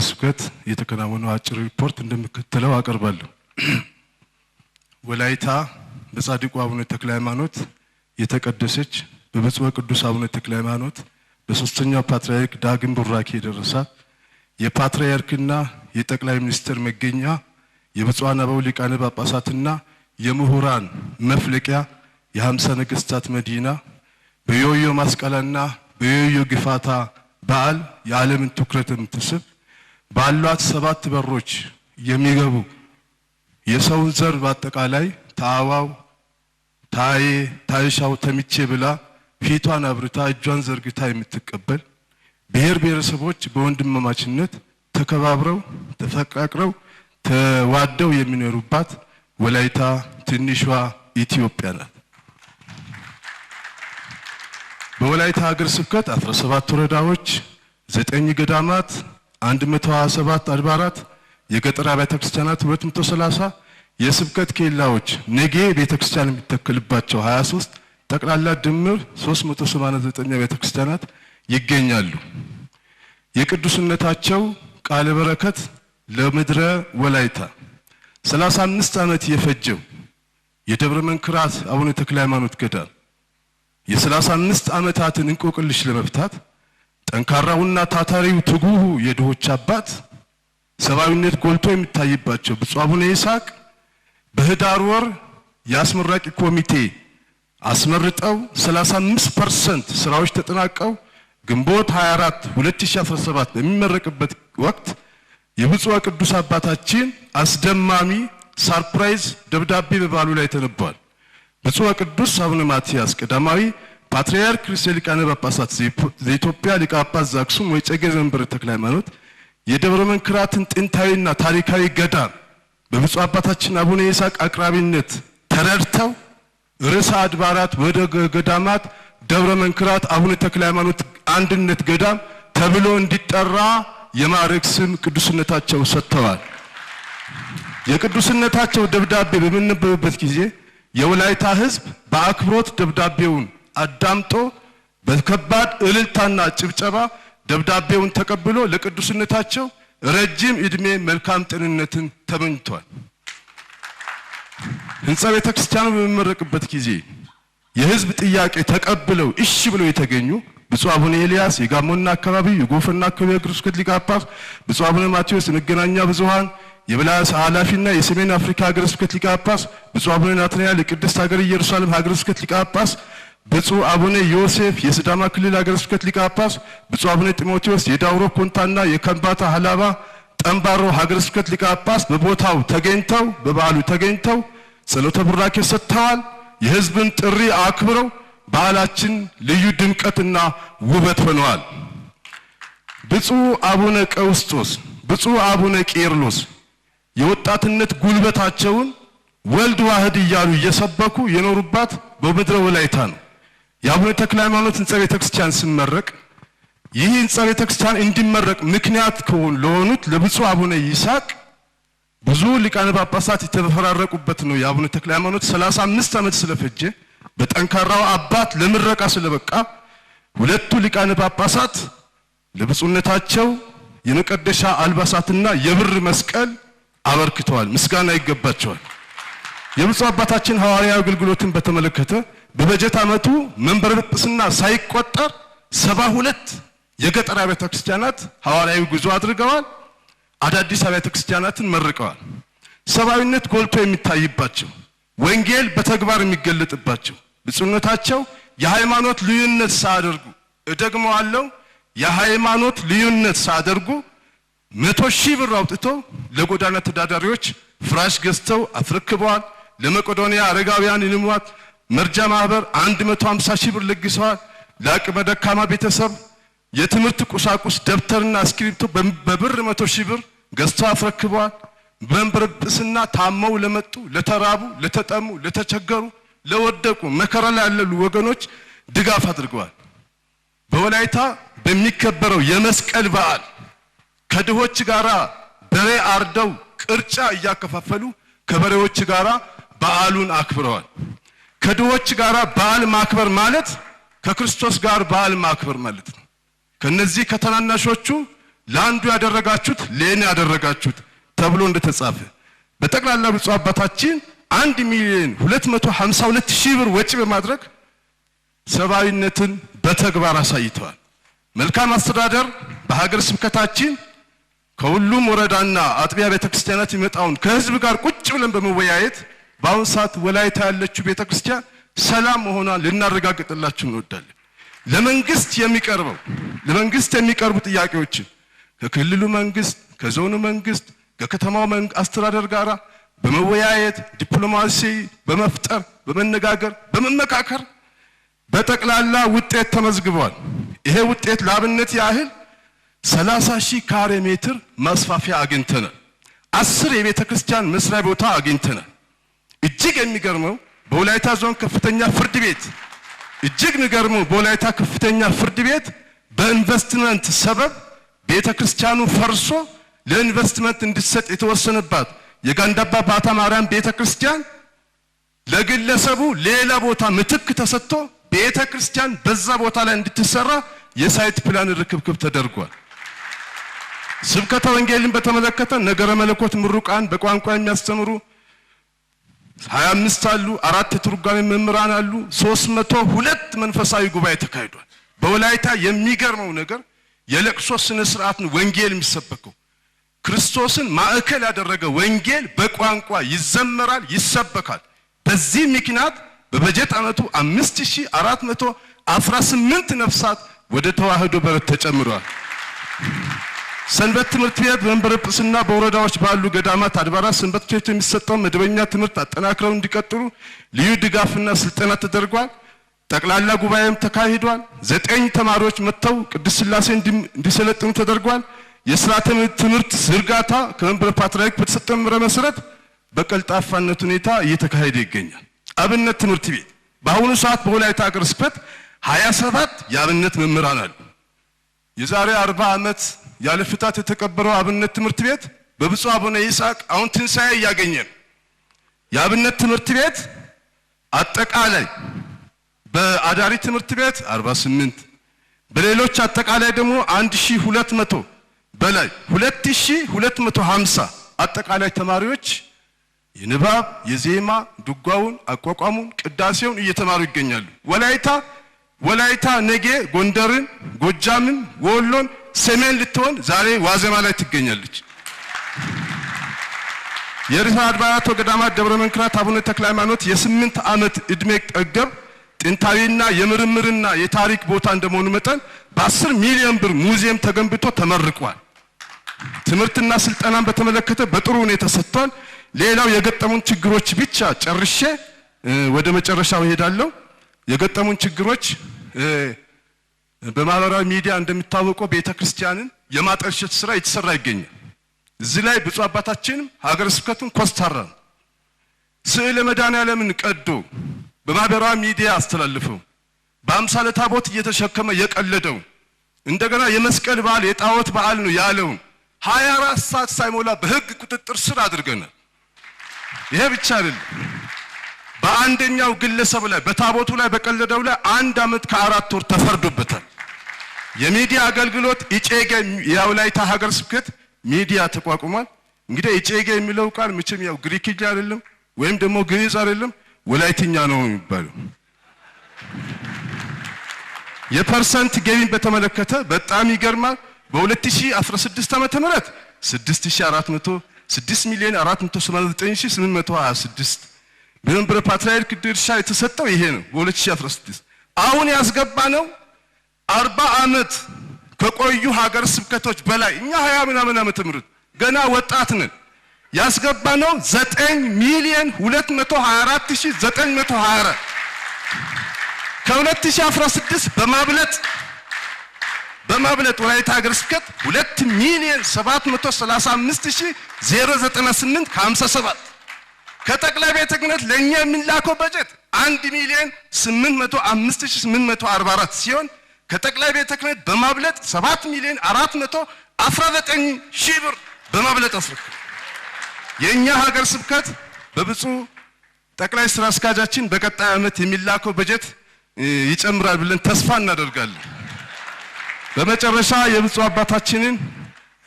ቀን ስብከት የተከናወነው አጭር ሪፖርት እንደሚከተለው አቀርባለሁ። ወላይታ በጻድቁ አቡነ ተክለ ሃይማኖት የተቀደሰች በብፁዕ ቅዱስ አቡነ ተክለ ሃይማኖት በሶስተኛው ፓትርያርክ ዳግም ቡራኬ የደረሳት የፓትርያርክና የጠቅላይ ሚኒስትር መገኛ የብፁዓን አበው ሊቃነ ጳጳሳትና የምሁራን መፍለቂያ የሀምሳ ነገስታት መዲና በዮዮ ማስቀላና በዮዮ ግፋታ በዓል የዓለምን ትኩረት የምትስብ ባሏት ሰባት በሮች የሚገቡ የሰው ዘር በአጠቃላይ ታዋው ታዬ ታይሻው ተሚቼ ብላ ፊቷን አብርታ እጇን ዘርግታ የምትቀበል ብሔር ብሔረሰቦች በወንድማማችነት ተከባብረው ተፈቃቅረው ተዋደው የሚኖሩባት ወላይታ ትንሿ ኢትዮጵያ ናት። በወላይታ ሀገር ስብከት 17 ወረዳዎች፣ ዘጠኝ ገዳማት 127 አድባራት፣ የገጠር አብያተ ክርስቲያናት 230፣ የስብከት ኬላዎች ነገ ቤተክርስቲያን የሚተከልባቸው 23 ጠቅላላ ድምር 389 አብያተ ክርስቲያናት ይገኛሉ። የቅዱስነታቸው ቃለ በረከት ለምድረ ወላይታ 35 ዓመት የፈጀው የደብረ መንክራት አቡነ ተክለ ሃይማኖት ገዳም የ35 ዓመታትን እንቆቅልሽ ለመፍታት ጠንካራውና ታታሪው ትጉሁ የድሆች አባት ሰብአዊነት ጎልቶ የሚታይባቸው ብፁዕ አቡነ ይስሐቅ በህዳር ወር የአስመራቂ ኮሚቴ አስመርጠው 35% ስራዎች ተጠናቀው ግንቦት 24 2017 በሚመረቅበት ወቅት የብፁዕ ቅዱስ አባታችን አስደማሚ ሰርፕራይዝ ደብዳቤ በባሉ ላይ ተነቧል። ብፁዕ ቅዱስ አቡነ ማትያስ ቀዳማዊ ፓትርያርክ ርእሰ ሊቃነ ጳጳሳት ዘኢትዮጵያ ሊቀ ጳጳስ ዘአክሱም ወዕጨጌ ዘመንበረ ተክለ ሃይማኖት የደብረ መንክራትን ጥንታዊና ታሪካዊ ገዳም በብፁዕ አባታችን አቡነ ይስሐቅ አቅራቢነት ተረድተው ርዕሰ አድባራት ወደ ገዳማት ደብረ መንክራት አቡነ ተክለ ሃይማኖት አንድነት ገዳም ተብሎ እንዲጠራ የማዕረግ ስም ቅዱስነታቸው ሰጥተዋል። የቅዱስነታቸው ደብዳቤ በምንነበብበት ጊዜ የወላይታ ሕዝብ በአክብሮት ደብዳቤውን አዳምጦ በከባድ እልልታና ጭብጨባ ደብዳቤውን ተቀብሎ ለቅዱስነታቸው ረጅም ዕድሜ መልካም ጤንነትን ተመኝቷል። ሕንፃ ቤተ ክርስቲያኑ በሚመረቅበት ጊዜ የህዝብ ጥያቄ ተቀብለው እሺ ብለው የተገኙ ብፁዕ አቡነ ኤልያስ የጋሞና አካባቢ፣ የጎፈና አካባቢ ቅዱስ ሊቀ ጳጳስ፣ ብፁዕ አቡነ ማቴዎስ የመገናኛ ብዙሃን የበላያስ ኃላፊና የሰሜን አፍሪካ ሀገረ ስብከት ሊቀ ጳጳስ፣ ብፁዕ አቡነ ናትናኤል የቅድስት ሀገር ኢየሩሳሌም ሀገረ ስብከት ሊቀ ጳጳስ ብፁዕ አቡነ ዮሴፍ የስዳማ ክልል ሀገረ ስብከት ሊቀ ጳጳስ፣ ብፁዕ አቡነ ጢሞቴዎስ የዳውሮ ኮንታና የከንባታ ሀላባ ጠንባሮ ሀገረ ስብከት ሊቀ ጳጳስ በቦታው ተገኝተው በበዓሉ ተገኝተው ጸሎተ ቡራኬ ሰጥተዋል። የህዝብን ጥሪ አክብረው በዓላችን ልዩ ድምቀትና ውበት ሆነዋል። ብፁዕ አቡነ ቀውስጦስ፣ ብፁዕ አቡነ ቄርሎስ የወጣትነት ጉልበታቸውን ወልድ ዋህድ እያሉ እየሰበኩ የኖሩባት በምድረ ወላይታ ነው። የአቡነ ተክለ ሃይማኖት ህንፃ ቤተክርስቲያን ስመረቅ ይህ ህንፃ ቤተክርስቲያን እንዲመረቅ ምክንያት ለሆኑት ለብፁዕ አቡነ ይስሐቅ ብዙ ሊቃነ ጳጳሳት የተፈራረቁበት ነው። የአቡነ ተክለ ሃይማኖት 35 ዓመት ስለፈጀ በጠንካራው አባት ለምረቃ ስለበቃ ሁለቱ ሊቃነ ጳጳሳት ለብፁዕነታቸው የመቀደሻ አልባሳትና የብር መስቀል አበርክተዋል። ምስጋና ይገባቸዋል። የብፁዕ አባታችን ሐዋርያዊ አገልግሎትን በተመለከተ በበጀት ዓመቱ መንበረ ጵጵስና ሳይቆጠር ሰባ ሁለት የገጠር አብያተ ክርስቲያናት ሐዋርያዊ ጉዞ አድርገዋል። አዳዲስ አብያተ ክርስቲያናትን መርቀዋል። ሰብአዊነት ጎልቶ የሚታይባቸው፣ ወንጌል በተግባር የሚገለጥባቸው ብፁዕነታቸው የሃይማኖት ልዩነት ሳያደርጉ እደግመዋለሁ፣ የሃይማኖት ልዩነት ሳያደርጉ መቶ ሺህ ብር አውጥቶ ለጎዳና ተዳዳሪዎች ፍራሽ ገዝተው አስረክበዋል። ለመቄዶንያ አረጋውያን ልማት መርጃ ማህበር 150 ሺህ ብር ለግሰዋል። ለአቅመ ደካማ ቤተሰብ የትምህርት ቁሳቁስ ደብተርና እስክሪብቶ በብር መቶ ሺህ ብር ገዝተው አስረክበዋል። በንብር ጵጵስና ታመው ለመጡ ለተራቡ፣ ለተጠሙ፣ ለተቸገሩ፣ ለወደቁ መከራ ላይ ያለሉ ወገኖች ድጋፍ አድርገዋል። በወላይታ በሚከበረው የመስቀል በዓል ከድሆች ጋራ በሬ አርደው ቅርጫ እያከፋፈሉ ከበሬዎች ጋራ በዓሉን አክብረዋል። ከድሆች ጋር በዓል ማክበር ማለት ከክርስቶስ ጋር በዓል ማክበር ማለት ነው። ከነዚህ ከተናናሾቹ ለአንዱ ያደረጋችሁት ለእኔ ያደረጋችሁት ተብሎ እንደተጻፈ በጠቅላላ ብፁዕ አባታችን 1 ሚሊዮን 252 ሺህ ብር ወጪ በማድረግ ሰብአዊነትን በተግባር አሳይተዋል። መልካም አስተዳደር በሀገር ስብከታችን ከሁሉም ወረዳና አጥቢያ ቤተክርስቲያናት የመጣውን ከህዝብ ጋር ቁጭ ብለን በመወያየት በአሁን ሰዓት ወላይታ ያለችው ቤተ ክርስቲያን ሰላም መሆኗ ልናረጋግጥላችሁ እንወዳለን። ለመንግስት የሚቀርበው ለመንግስት የሚቀርቡ ጥያቄዎችን ከክልሉ መንግስት፣ ከዞኑ መንግስት፣ ከከተማው አስተዳደር ጋር በመወያየት ዲፕሎማሲ በመፍጠር በመነጋገር በመመካከር በጠቅላላ ውጤት ተመዝግቧል። ይሄ ውጤት ለአብነት ያህል 30 ሺህ ካሬ ሜትር ማስፋፊያ አግኝተናል። አስር የቤተ ክርስቲያን መስሪያ ቦታ አግኝተናል። እጅግ የሚገርመው በወላይታ ዞን ከፍተኛ ፍርድ ቤት እጅግ የሚገርመው በወላይታ ከፍተኛ ፍርድ ቤት በኢንቨስትመንት ሰበብ ቤተ ክርስቲያኑ ፈርሶ ለኢንቨስትመንት እንዲሰጥ የተወሰነባት የጋንዳባ ባታ ማርያም ቤተ ክርስቲያን ለግለሰቡ ሌላ ቦታ ምትክ ተሰጥቶ ቤተ ክርስቲያን በዛ ቦታ ላይ እንድትሰራ የሳይት ፕላን ርክብክብ ተደርጓል። ስብከተ ወንጌልን በተመለከተ ነገረ መለኮት ምሩቃን በቋንቋ የሚያስተምሩ ሀያ አምስት አሉ። አራት የትርጓሜ መምህራን አሉ። ሶስት መቶ ሁለት መንፈሳዊ ጉባኤ ተካሂዷል። በወላይታ የሚገርመው ነገር የለቅሶ ስነ ስርዓት ወንጌል የሚሰበከው። ክርስቶስን ማዕከል ያደረገ ወንጌል በቋንቋ ይዘመራል፣ ይሰበካል። በዚህ ምክንያት በበጀት ዓመቱ 5418 ነፍሳት ወደ ተዋህዶ በረት ተጨምረዋል። ሰንበት ትምህርት ቤት መንበረ ጵጵስና በወረዳዎች ባሉ ገዳማት፣ አድባራት ሰንበት ቸርች የሚሰጠው መደበኛ ትምህርት አጠናክረው እንዲቀጥሉ ልዩ ድጋፍና ስልጠና ተደርጓል። ጠቅላላ ጉባኤም ተካሂዷል። ዘጠኝ ተማሪዎች መጥተው ቅዱስ ሥላሴ እንዲሰለጥኑ ተደርጓል። የስርዓተ ትምህርት ዝርጋታ ከመንበረ ፓትርያርክ በተሰጠ መመሪያ መሰረት በቀልጣፋነት ሁኔታ እየተካሄደ ይገኛል። አብነት ትምህርት ቤት በአሁኑ ሰዓት በወላይታ ሀገረ ስብከት 27 የአብነት መምህራን አሉ። የዛሬ 40 ዓመት ያለ ፍታት የተቀበረው አብነት ትምህርት ቤት በብፁዕ አቡነ ይስሐቅ አሁን ትንሣኤ እያገኘን የአብነት ትምህርት ቤት አጠቃላይ በአዳሪ ትምህርት ቤት 48 በሌሎች አጠቃላይ ደግሞ 1200 በላይ 2250 አጠቃላይ ተማሪዎች የንባብ የዜማ ድጓውን አቋቋሙን ቅዳሴውን እየተማሩ ይገኛሉ። ወላይታ ወላይታ ነገ ጎንደርን፣ ጎጃምን፣ ወሎን ሰሜን ልትሆን ዛሬ ዋዜማ ላይ ትገኛለች። የርዕሰ አድባራት ወገዳማት ደብረ መንክራት አቡነ ተክለ ሃይማኖት የስምንት ዓመት ዕድሜ ጠገብ ጥንታዊና የምርምርና የታሪክ ቦታ እንደመሆኑ መጠን በአስር ሚሊዮን ብር ሙዚየም ተገንብቶ ተመርቋል። ትምህርትና ስልጠናን በተመለከተ በጥሩ ሁኔታ ሰጥቷል። ሌላው የገጠሙን ችግሮች ብቻ ጨርሼ ወደ መጨረሻው እሄዳለሁ። የገጠሙን ችግሮች በማህበራዊ ሚዲያ እንደሚታወቀው ቤተ ክርስቲያንን የማጠልሸት ስራ እየተሰራ ይገኛል። እዚህ ላይ ብፁዕ አባታችንም ሀገረ ስብከቱን ኮስታራ ስዕለ መድኃኔዓለምን ቀዶ በማህበራዊ ሚዲያ አስተላልፈው በአምሳለ ታቦት እየተሸከመ የቀለደው እንደገና የመስቀል በዓል የጣዖት በዓል ነው ያለውን 24 ሰዓት ሳይሞላ በህግ ቁጥጥር ስር አድርገናል። ይሄ ብቻ አይደለም። በአንደኛው ግለሰብ ላይ በታቦቱ ላይ በቀለደው ላይ አንድ አመት ከአራት ወር ተፈርዶበታል። የሚዲያ አገልግሎት ኢጬጌ የወላይታ ሀገረ ስብከት ሚዲያ ተቋቁሟል። እንግዲህ እጨጌ የሚለው ቃል መቼም ያው ግሪክኛ አይደለም ወይም ደግሞ ግዕዝ አይደለም ወላይትኛ ነው የሚባለው። የፐርሰንት ገቢን በተመለከተ በጣም ይገርማል። በ2016 ዓመተ ምህረት 6400 ሚሊዮን 489826 በመንበረ ፓትርያርክ ድርሻ የተሰጠው ይሄ ነው። በ2016 አሁን ያስገባ ነው አርባ ዓመት ከቆዩ ሀገር ስብከቶች በላይ እኛ ሀያ ምናምን ዓመተ ምህረት ገና ወጣት ነን። ያስገባ ነው ዘጠኝ ሚሊየን ሁለት መቶ ሀያ አራት ሺ ዘጠኝ መቶ ሀያ አራት ከሁለት ሺ አስራ ስድስት በማብለጥ በማብለጥ ወላይታ ሀገር ስብከት ሁለት ሚሊዮን ሰባት መቶ ሰላሳ አምስት ሺ ዜሮ ዘጠና ስምንት ከሀምሳ ሰባት ከጠቅላይ ቤተ ክህነት ለእኛ የሚላከው በጀት አንድ ሚሊዮን ስምንት መቶ አምስት ሺ ስምንት መቶ አርባ አራት ሲሆን ከጠቅላይ ቤተ ክህነት በማብለጥ 7 ሚሊዮን 419 ሺህ ብር በማብለጥ አስረክቧል። የእኛ ሀገር ስብከት በብፁዕ ጠቅላይ ስራ አስኪያጃችን በቀጣይ ዓመት የሚላከው በጀት ይጨምራል ብለን ተስፋ እናደርጋለን። በመጨረሻ የብፁዕ አባታችንን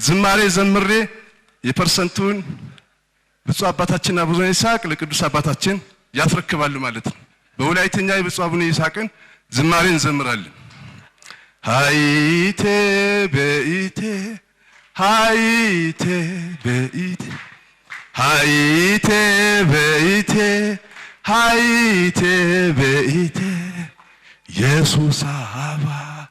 ዝማሬ ዘምሬ የፐርሰንቱን ብፁዕ አባታችን አቡነ ይስሐቅ ለቅዱስ አባታችን ያስረክባሉ ማለት ነው። በወላይተኛ የብፁዕ አቡነ ይስሐቅን ዝማሬ እንዘምራለን። Hayte beyte Hayte beyte Hayte beyte Hayte beyte Yesus'a hava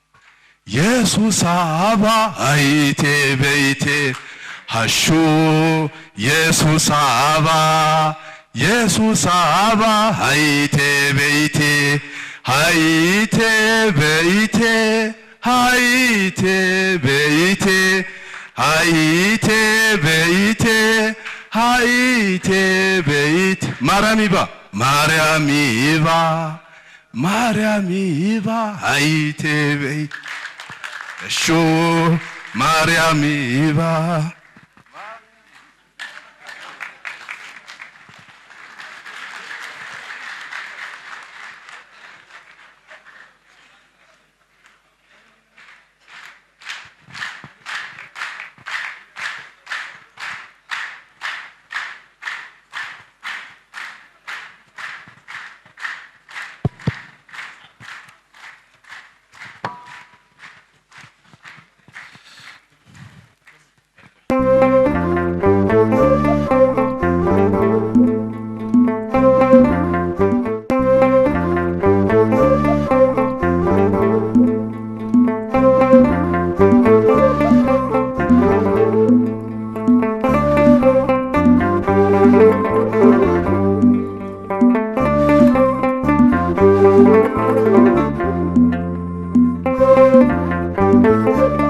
Yesus'a hava Hayte beyte Haşu Yesus'a hava Yesus'a hava Hayte beyte Hayte beyte beyti beyti Hayte beyti Hayte beyt Maramiba Maramiba Maramiba Hayte beyt Şu Maramiba Thank you.